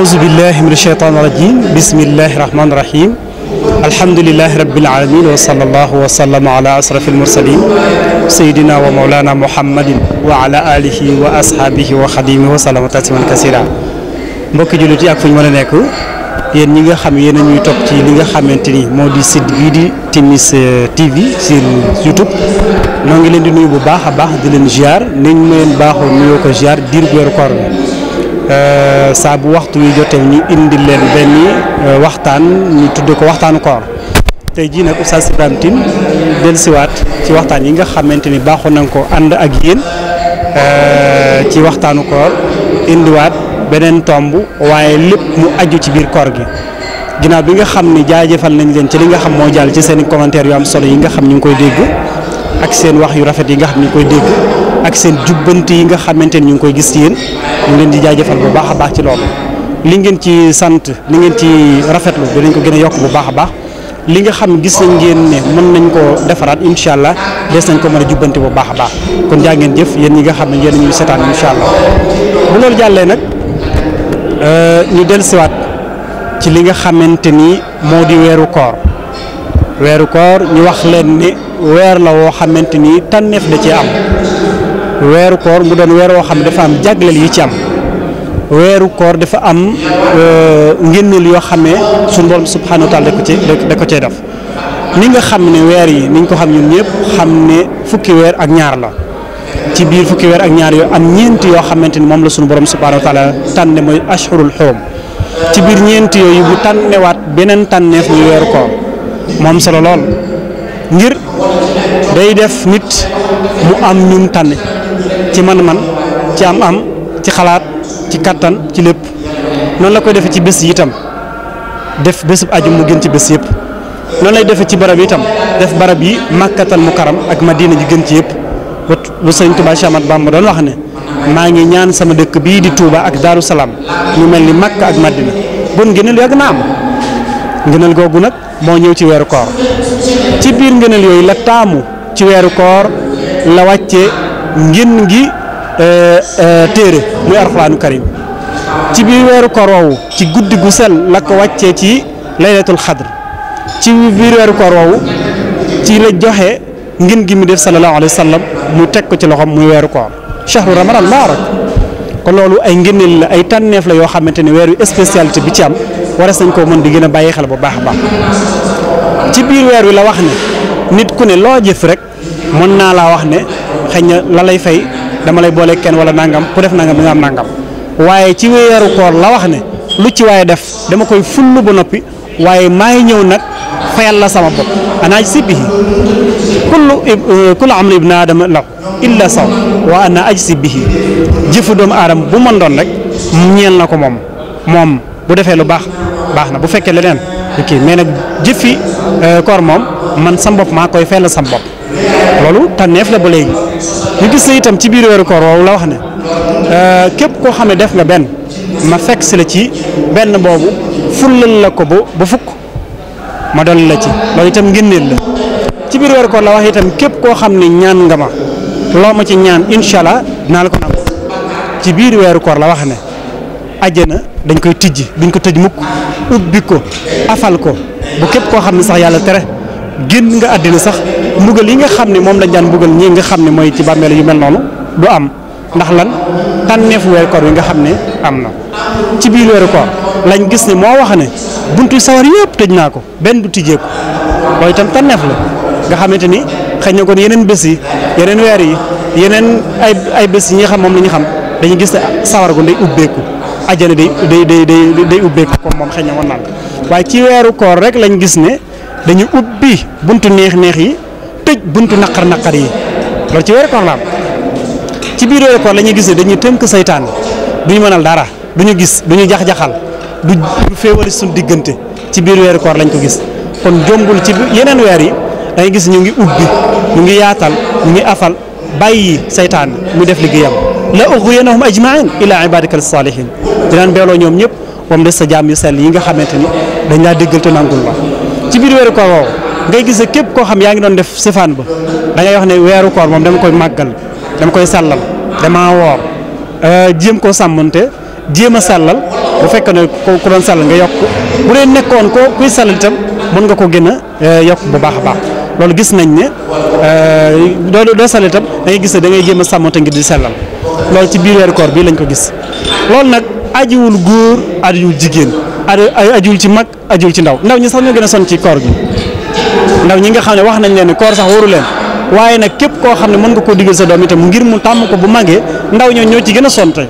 أعوذ بالله من الشيطان الرجيم بسم الله الرحمن الرحيم الحمد لله رب العالمين وصلى الله وسلم على أسرف المرسلين سيدنا ومولانا محمد وعلى آله وأصحابه وخديمه وسلم تاتما كثيرا مبكي جلوتي أكفين مولانا يكو يين نيغا خام يين نيو توك تي ليغا خامتيني مودي سيت بي دي تيميس آه، تي في سير يوتيوب نونغي دي نيو بو باخا دي لين جيار نين مين باخو نيو كو دير غور كور Eh, sa bu waxtu wi jotee ñu indi leen benn eh, waxtaan ñu tudd ko waxtaanu koor tey jii nag Oustaz Ibrahima Tine dellusiwaat ci waxtaan yi nga xamanteni baxu nang ko and ak euh ci ko indi wat benen tombu waye lepp mu aju ci bir koor gi ginnaaw bi nga xamni ni nañ leen ci li nga xam mo jall ci seen commentaire yu am solo yi nga xam ñu koy dégg ak seen wax yu rafet yi nga xam ñu koy dégg. ak seen jubbanti yi nga xamante ni ñu ngi koy gis ci yéen ñu leen di jaajëfal bu baax a baax ci loolu li ngeen ci sant li ngeen ci rafetlu dinañ ko gën a yokk bu baax a baax li nga xam gis nañ ngeen ne mën nañ ko defaraat incha allah des nañ ko mën a bu baax a baax kon jaa ngeen jëf yéen ñi nga xam ne yéen ñuy seetaan incha allah bu loolu jàllee nag euh, ñu dellusiwaat ci li nga xamante ni moo di weeru koor weeru koor ñu wax leen ne weer la woo xamante ni tànneef da cee am. wéru koor mu doon wéru woo xam dafa am jagleel yu ci am wéru koor dafa am euh, ngénnul yoo xam ne suñu borom subhanahu wa taala da ko ci da ko cee def ni nga xam ne weer yi niñ ko xam ñun ñëpp xam ne fukki weer ak ñaar la ci biir fukki weer ak ñaar yooyu am ñeenti yoo xamante ni moom la suñu borom subhanahu wa taala tànne mooy ashhurul xoom ci biir yooyu bu tànnewaat beneen tànneef muy weeru koor moom solo lool ngir day def nit mu am ñun tànne ci man-man ci am-am ci xalaat ci kattan ci lepp non la koy def ci bes yi def bésub aju mu gën ci bes yep non lay def ci barab yi def barab yi màkkatal mukaram karam ak madina ji gën ci yep bu sëñ touba chamat bam doon wax ne ma ngi ñaan sama dekk bi di Touba ak daru salam ñu melni ni Makka ak Madina bu ngeenel yag na am ngëneel googu nag moo ci wéru koor ci biir ngeenel yoy la tamu ci wéru koor la wacce ngin ngi eh, eh, téere muy arxuraanu karim ci biir weeru koor woowu ci guddi gu sel la ko wàccee ci laylatul xadr ci biir weeru koor woowu ci la joxe ngin gi mu def sallallahu alayhi wa mu teg ko ci loxoom muy weeru koor shahru ramadan mubaarak kon loolu ay ngëneel la ay tànneef la yoo xamante ni weer weeru spécialité bi ci am waras nañ koo mën di gën a bàyyi xel bu baax a baax ci biir weer wi la wax ne nit ku ne loo jëf rek. mën naa laa wax ne xëy na la lay fay dama lay boole kenn wala nangam ku def nangam bi nga am nangam waaye ci weeru koor la wax ne lu ci waaye def dama koy fullu ba noppi waaye maa ngi ñëw nag fayal la sama bopp anaa ajsibihi kullu euh, kullu amri ibn aadama law illa saw wa ana ajsibihi jëfu doomu aadama bu mën doon rek ñeel na ko moom moom bu defee lu baax baax na bu fekkee leneen ok mais nag jëfi euh, koor moom man sam bopp maa koy fayal sam bopp loolu tànneef la ba léegi ñu gis na itam ci biir weeru koor woowu la wax ne euh, képp koo xam ne def nga benn ma fekk si la ci benn boobu fullal la ko ba ba fukk ma dolli la ci loolu itam ngénneel la ci biir weeru koor la wax képp koo xam ne ñaan nga ma loo ma ci ñaan incha allah dinaa ko nangu biir weeru koor la wax ne ajjana dañ koy tijji duñ ko tëj mukk ubbi ko afal ko bu képp koo xam ne sax yàlla tere genn nga adina sax mbugal yi nga xamni mom la ñaan mbugal ñi nga xamni moy ci bamél yu mel noonu du am ndax lan tànneef weer koor yi nga xamni ne ci biir weeru koor lañ gis ni mo wax ne buntu sawar yëpp tëj naa ko benn du tijjeeku loolu itam tànneef la nga xamante ni xëy na kon yeneen yi yenen weer yi yenen ay ay bëss yi nga xam mom lañu xam dañu gis sawar gu day ubbeeku ko day day day day ubbeeku ko mom xëy na nang naa ci weeru koor rek lañ gis ne dañuy ubbi buntu neex-neex yi tëj buntu naqar-naqar yi loolu ci weeru koor ci biir weeru koor la ñuy gis ne dañuy tënk saytaan duñu mënal dara duñu gis duñu jax-jaxal du du féewali suñu diggante ci biir weeru koor lañ ko gis kon jombul ci yeneen weer yi da gis ñu ngi ubbi ñu ngi yaatal ñu ngi afal bàyyi seytaan mu def liggéeyam la ughwiyannahum ajmain ila ibadika as-salihin dinaan beeloo ñoom ñëpp moom de sa jaam yu sell yi nga xamante ni dañ laa déggal te nangul ci biir weeru koor woowu ngay gis képp koo xam yaa ngi doon def sifaan ba da ngay ne weeru koor moom dama koy màggal dama koy sàllal dama woor euh, jéem koo sàmmante jéem a sàllal bu fekkee ne ku doon sàllal nga yokk bu nekkoon ko kuy sàllal mën nga ko gën a euh, yokk baax a baax loolu gis nañ ne euh, doo doo sàllal itam da ngay gis ne da ngay jéem a sàmmante ngir di sàllal loolu ci biir weeru koor bii lañ ko gis loolu nag ajiwul góor ajiwul jigéen. ay ajul ci mag ajul ci ndaw ndaw ñi sax ñoo gën a sonn ci koor gi ndaw ñi nga xam ne wax nañ leen ne koor sax waru leen waaye nag képp koo xam ne mën nga koo digal sa doom itam ngir mu tàmm ko bu màggee ndaw ñoo ñoo ci gën a sonn tey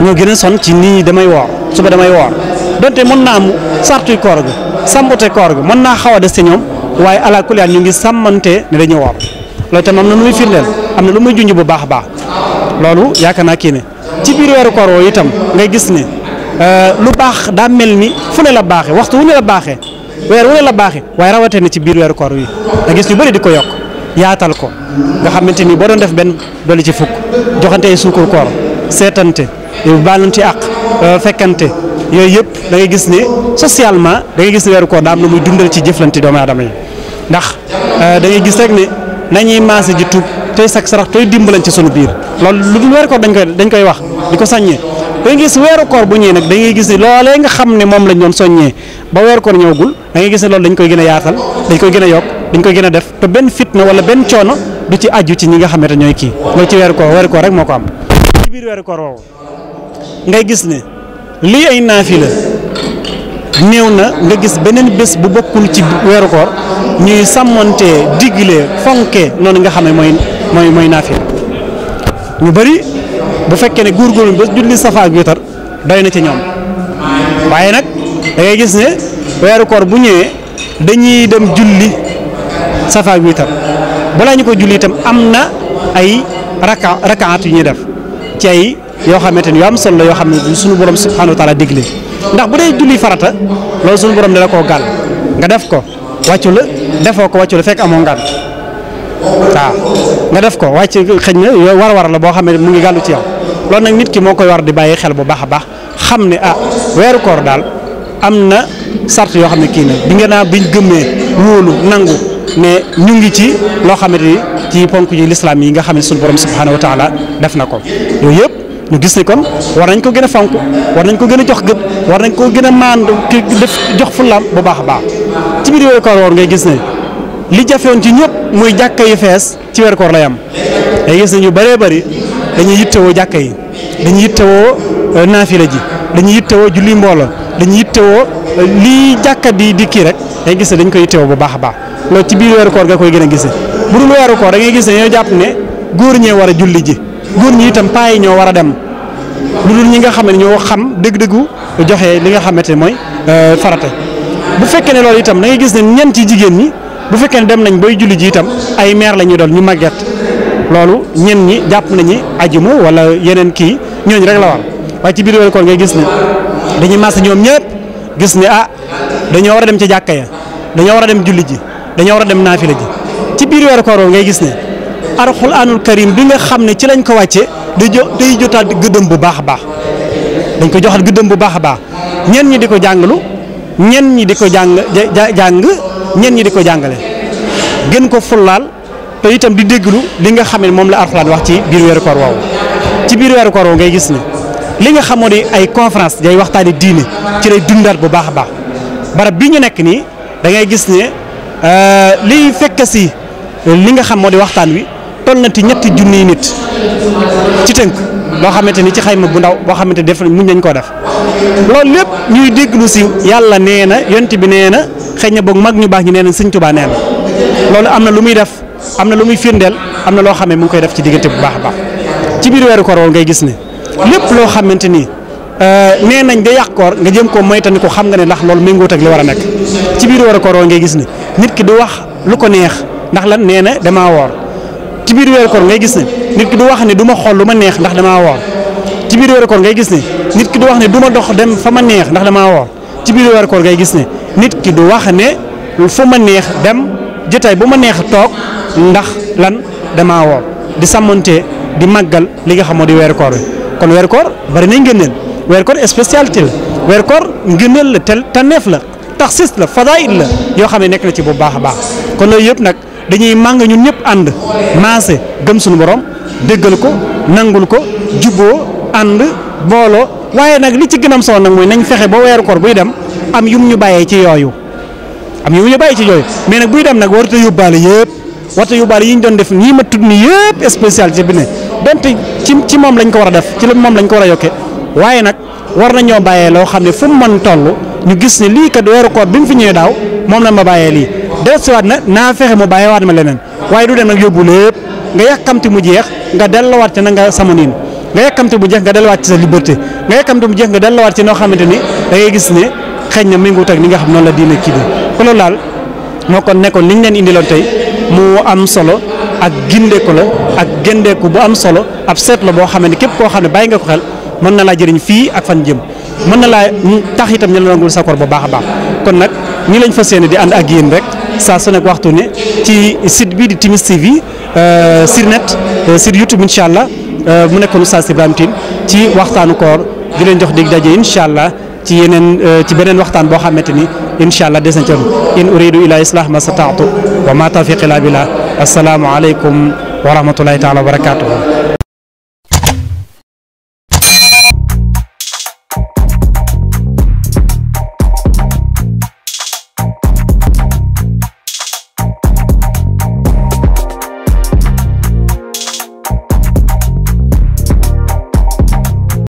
gën a sonn ci nii damay woor suba damay woor donte mën naa am sartuy koor gi sàmbute koor gi mën naa xaw a def ci ñoom waaye ala ñu ngi sàmmante ne dañu woor loolu itam am na lu muy firndeel am na lu muy junj bu baax a baax loolu yaakaar naa kii ne ci biir weeru koor woo itam ngay gis ne Euh, lu bax da melni ni la baxé waxtu wu la baxé wér wu la baxé way rawaté ni ci biir wér koor wi da gis ñu bari diko yok yaatal ko nga xamanteni bo doon def ben doli ci fuk joxanté ay sukur koor yu balanti ak euh, fekkante yoy yëpp da ngay gis ni socialement da ngay gis wér koor da am lu muy dundal ci jëflanti doom adam yi ndax euh, da ngay gis rek ni nañuy maase ji tuk tay sax sax tay dimbalan ci biir lu wér koor dañ koy dañ koy wax diko sañé da ngay gis weeru bu ñëwee nag dangay gis ne loolee nga xam ne moom lañ doon soññee ba weeru koor ñëwagul da ngay gis ne loolu dañ koy gën a yaatal dañ koy gën a yokk dañ koy gën a def te benn fitna wala benn coono du ci aju ci ñi nga xamante ñooy kii loolu ci weeru koor weeru koor rek moo ko am ci biir weeru koor woowu ngay gis ne lii ay la néew na nga gis beneen bés bu bokkul ci weeru koor ñuy sàmmantee digle fonke noonu nga xam ne mooy mooy mooy naafila ñu bu fekkee ne góorgóorlu ba julli safa ak wetar doy na ci ñoom waaye nag da ngay gis ne weeru koor bu ñëwee dañuy dem julli safa ak witar balaa ñu ko julli itam am na ay raka rakaat yu ñuy def ci ay yoo xamante ni yoo am solo la yoo xam ne suñu borom subhanahu wa taala digle ndax bu dee julli farata loolu suñu borom dala koo gàll nga def ko wàccu la defoo ko wàccu la fekk amoo ngàll waaw nga def ko wàcc xëñ na yooyu war-war la boo xam ne mu ngi gàllu ci yow loolu nag nit ki moo koy war di bàyyi xel bu baax a baax xam ne ah weeru koor daal am na sart yoo xam ne kii na bi nga naa biñ gëmmee wóolu nangu ne ñu ngi ci loo xamante ni ci ponk yi lislaam yi nga xam ne suñu borom subhaanahu wa taala def na ko yooyu yëpp ñu gis ni kon war nañ ko gën a fonk war nañ ko gën a jox gëdd war nañ ko gën a maandu ki def jox fulaam bu baax a baax ci biir yooyu li jafewon ci ñepp muy jakkay fess ci weer koor la yam day gis ñu bëree bëri dañuy yittewoo jàkka yi dañuy yittewoo euh, nafila ji dañuy yittewoo julli mbolo dañuy yittewoo euh, lii jàkka di di kii rek day gis dañ koy yittewoo bu baax baax lo ci biir weeru koor ga koy gëna a bu dul weeru koor da ngay gis ñoo japp ne goor ñe wara julli ji goor ñi itam pay ñoo wara dem lu dul ñi nga xam ñoo xam dëgg-dëggu joxe li nga xamante ne mooy euh, farata bu fekkee ne itam da ngay gis ne ñent ci jigen ni bu fekkene dem nañ boy julli ji itam ay maire lañu ñuy doon ñu magget lolu ñen ñi japp nañ ni ajimu wala yenen ki ñooñu rek la war waaye ci biir wéru koor ngay gis ni dañuy mas ñom ñepp gis ni ah dañu wara dem ci jakkay ya, dañu wara dem julli ji dañu wara dem nafila ji ci biir wéru koor ngay gis ni alquranul karim bi nga xamne ci lañ ko wacce day jo day jotaat gëdëm bu baax baax dañ ko joxal gëdëm bu baax baax ñen ñi diko jangalu ñen ñi diko jang jang ñen ñi diko jangale gën ko fulal te itam di déglu li nga xamé mom la Alxuraan wax ci biir wéru koor woowu ci biir wéru koor ngay gis ni li nga xamone ay conférence day waxtaani diiné ci lay dundal bu baax baax barab bi ñu da ngay gis euh li fekk ci li nga xam modi di wi toll ñetti jooni nit ci teunk lo xamanteni ni ci xayma bu ndaw bo xamanteni def muñ nañ ko def lool lepp ñuy deglu ci yalla neena yonti bi neena xeyna bok mag ñu baax ñu neena neena lolu amna na lu muy def amna lu muy firndeel am mu ngi koy def ci digënté bu baax baax ci biir wéru koor ngay gis ne lepp lo xamanteni euh né nañ day yakkor nga jëm moy tan ko xam nga né ndax lolu méngóot ak li wara nek ci biir wéru koor ngay gis nit ki du wax lu ko neex ndax lan nee na ci biir wéru koor ngay gis nit ki du wax ne duma xol luma neex ndax dama wor ci biir wéru koor ngay gis nit ki du wax duma dox dem fama neex ndax dama wor ci biir wéru koor ngay gis nit ki du wax ne fuma neex dem. jotaay bu ma neex toog ndax lan dama woor di sàmmante di màggal li nga xamoo di weeru koor kon weeru koor bari nañ ngëneel weeru koor spécialité la weeru koor ngëneel la tel tànneef la taxsis la fadaayil la yoo xam ne nekk na ci bu baax a baax kon loolu yëpp nag dañuy màng ñun ñëpp ànd maase gëm suñu borom déggal ko nangul ko jubboo ànd booloo waaye nag li ci gën am solo nag mooy nañ fexe ba weeru koor buy dem am yu ñu bàyyee ci yooyu. am yu ñu bàyyi ci yooyu mais nag buy dem nag warut a yóbbaale yëpp warut a yóbbaale yi ñu doon def nii ma tudd nii yëpp spécialité bi ne donte ci moom lañ ko war a def ci moom lañ ko war waaye nag war nañoo bàyyee loo xam ne fu mu mën ñu gis ne lii kat weeru koor bi mu ñëwee daaw moom la ma bàyyee lii desewaat na naa fexe mu bàyyee waat ma leneen waaye du dem nag yóbbu lépp nga yàkkamti mu jeex nga delluwaat na nga sama niin nga yàkkamti mu jeex nga delluwaat ci sa liberté nga yàkkamti mu jeex nga delluwaat ci noo xamante ni da ngay gis ne xëy na nga xam noonu la diine kii ko la laal moo kon nekkoon ñu leen indiloon tey mu am solo ak gindeeku la ak géndeeku bu am solo ab seet la boo xam ne képp koo xam ne bàyyi nga ko xel mën na laa jëriñ fii ak fan jëm mën na laa tax itam ñu la nangul sa koor bu baax a baax kon nag ñi lañ fas yéene di ànd ak yéen rek saa su nekk waxtu ne ci site bii di Timis TV euh, sur net euh, sur YouTube incha allah euh, mu nekkoon Oustaz Ibrahima Tine ci waxtaanu koor di leen jox dig daje incha allah. ci yenen ci benen waxtan bo xamanteni inshallah incha ci in uridu ila islah ma sataatu wa ma tawfiq ila billah assalamu alaykum wa rahmatullahi taala wa barakatuh